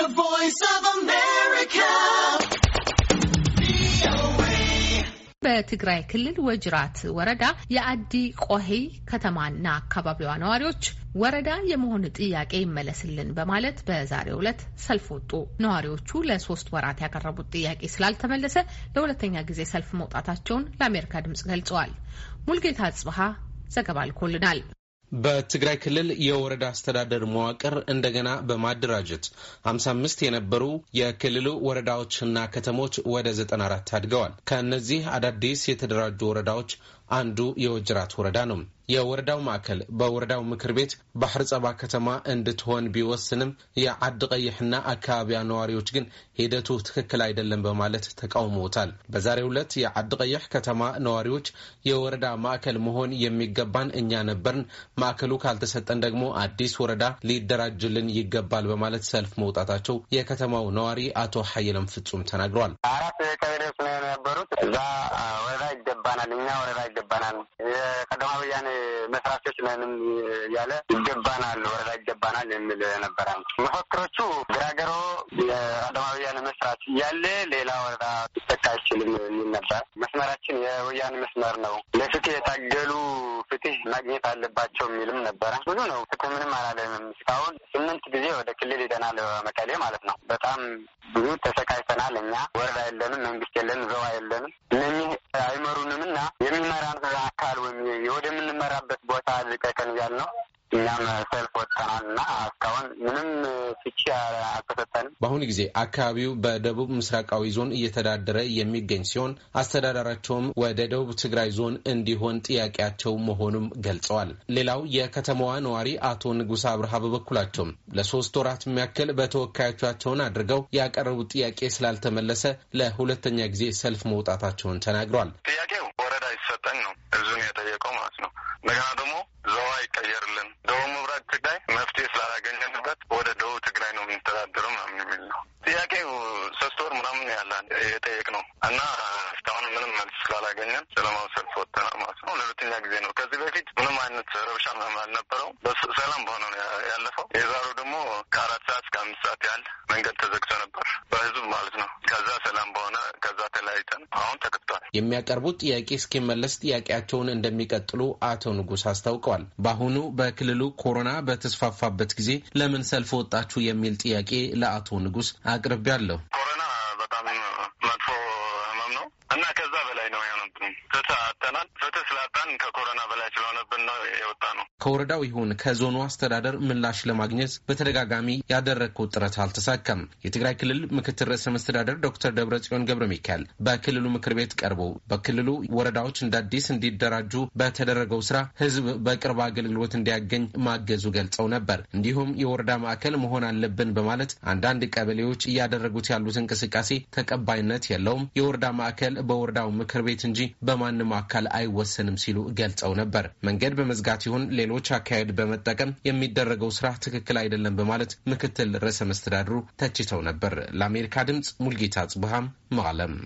The Voice of America. በትግራይ ክልል ወጅራት ወረዳ የአዲ ቆሄ ከተማና አካባቢዋ ነዋሪዎች ወረዳ የመሆን ጥያቄ ይመለስልን በማለት በዛሬው ዕለት ሰልፍ ወጡ። ነዋሪዎቹ ለሶስት ወራት ያቀረቡት ጥያቄ ስላልተመለሰ ለሁለተኛ ጊዜ ሰልፍ መውጣታቸውን ለአሜሪካ ድምጽ ገልጸዋል። ሙልጌታ ጽብሃ ዘገባ ልኮልናል። በትግራይ ክልል የወረዳ አስተዳደር መዋቅር እንደገና በማደራጀት 55 የነበሩ የክልሉ ወረዳዎችና ከተሞች ወደ 94 አድገዋል። ከእነዚህ አዳዲስ የተደራጁ ወረዳዎች አንዱ የወጅራት ወረዳ ነው። የወረዳው ማዕከል በወረዳው ምክር ቤት ባህር ጸባ ከተማ እንድትሆን ቢወስንም የዓዲ ቀይሕና አካባቢያ ነዋሪዎች ግን ሂደቱ ትክክል አይደለም በማለት ተቃውመውታል። በዛሬው ዕለት የዓዲ ቀይሕ ከተማ ነዋሪዎች የወረዳ ማዕከል መሆን የሚገባን እኛ ነበርን፣ ማዕከሉ ካልተሰጠን ደግሞ አዲስ ወረዳ ሊደራጅልን ይገባል በማለት ሰልፍ መውጣታቸው የከተማው ነዋሪ አቶ ሀይለም ፍጹም ተናግረዋል። አራት ቀበሌዎች ነው የነበሩት እዛ ወረዳ ይገባናል፣ እኛ ወረዳ ይገባናል፣ የቀደማ ወያኔ መስራቾች ነንም እያለ ይገባናል፣ ወረዳ ይገባናል የሚል ነበረ። መፈክሮቹ ግራገሮ የቀደማ ወያኔ መስራች እያለ ሌላ ወረዳ ይጠቃ አይችልም የሚል ነበር። መስመራችን የወያኔ መስመር ነው፣ ለፍትህ የታገሉ ፍትህ ማግኘት አለባቸው የሚልም ነበረ። ብዙ ነው። ፍትህ ምንም አላለም። እስካሁን ስምንት ጊዜ ወደ ክልል ሄደናል፣ መቀሌ ማለት ነው። በጣም ብዙ ተሰቃይተናል። እኛ ወረዳ የለንም፣ መንግስት የለንም፣ ዘዋ የለንም ወደምንመራበት ቦታ ልቀቀን እያል ነው። እኛም ሰልፍ ወጥተናል እና እስካሁን ምንም ፍቺ አልተሰጠንም። በአሁኑ ጊዜ አካባቢው በደቡብ ምስራቃዊ ዞን እየተዳደረ የሚገኝ ሲሆን አስተዳደራቸውም ወደ ደቡብ ትግራይ ዞን እንዲሆን ጥያቄያቸው መሆኑም ገልጸዋል። ሌላው የከተማዋ ነዋሪ አቶ ንጉሳ አብርሃ በበኩላቸውም ለሶስት ወራት የሚያክል በተወካዮቻቸውን አድርገው ያቀረቡት ጥያቄ ስላልተመለሰ ለሁለተኛ ጊዜ ሰልፍ መውጣታቸውን ተናግሯል ጥያቄ እንዲያደርግልን ነው እዙን የጠየቀው ማለት ነው። እንደገና ደግሞ ዘዋ ይቀየርልን፣ ደቡብ ምብራቅ ትግራይ መፍትሄ ስላላገኘንበት ወደ ደቡብ ትግራይ ነው የምንተዳደረው ምናምን የሚል ነው ጥያቄው። ሶስት ወር ምናምን ያለን የጠየቅ ነው እና እስካሁን ምንም መልስ ስላላገኘን ሰልፍ ወጥተናል ማለት ነው። ለሁለተኛ ጊዜ ነው። ከዚህ በፊት ምንም አይነት ረብሻ ምናምን አልነበረው፣ ሰላም በሆነ ነው ያለፈው። የዛሬው ደግሞ ከአራት ሰዓት እስከ አምስት ሰዓት ያህል መንገድ ተዘግቶ ነበር በህዝብ ማለት ነው። ከዛ ሰላም በሆነ ከዛ ተለያይተን አሁን የሚያቀርቡት ጥያቄ እስኪመለስ ጥያቄያቸውን እንደሚቀጥሉ አቶ ንጉስ አስታውቀዋል። በአሁኑ በክልሉ ኮሮና በተስፋፋበት ጊዜ ለምን ሰልፍ ወጣችሁ የሚል ጥያቄ ለአቶ ንጉስ አቅርቤያለሁ። ኮሮና በጣም መጥፎ ህመም ነው እና ከዛ በላይ ነው ያነብን ፍትህ አተናል ፍትህ ስላተ ቁጥራችን ከኮሮና በላይ ስለሆነብን ነው የወጣ ነው። ከወረዳው ይሁን ከዞኑ አስተዳደር ምላሽ ለማግኘት በተደጋጋሚ ያደረግኩት ጥረት አልተሳካም። የትግራይ ክልል ምክትል ርዕሰ መስተዳደር ዶክተር ደብረጽዮን ገብረ ሚካኤል በክልሉ ምክር ቤት ቀርቦ በክልሉ ወረዳዎች እንደ አዲስ እንዲደራጁ በተደረገው ስራ ህዝብ በቅርብ አገልግሎት እንዲያገኝ ማገዙ ገልጸው ነበር። እንዲሁም የወረዳ ማዕከል መሆን አለብን በማለት አንዳንድ ቀበሌዎች እያደረጉት ያሉት እንቅስቃሴ ተቀባይነት የለውም፣ የወረዳ ማዕከል በወረዳው ምክር ቤት እንጂ በማንም አካል አይወሰንም ሲሉ ሲሉ ገልጸው ነበር። መንገድ በመዝጋት ይሁን ሌሎች አካሄድ በመጠቀም የሚደረገው ስራ ትክክል አይደለም በማለት ምክትል ርዕሰ መስተዳድሩ ተችተው ነበር። ለአሜሪካ ድምፅ ሙልጌታ ጽቡሃም መቀለም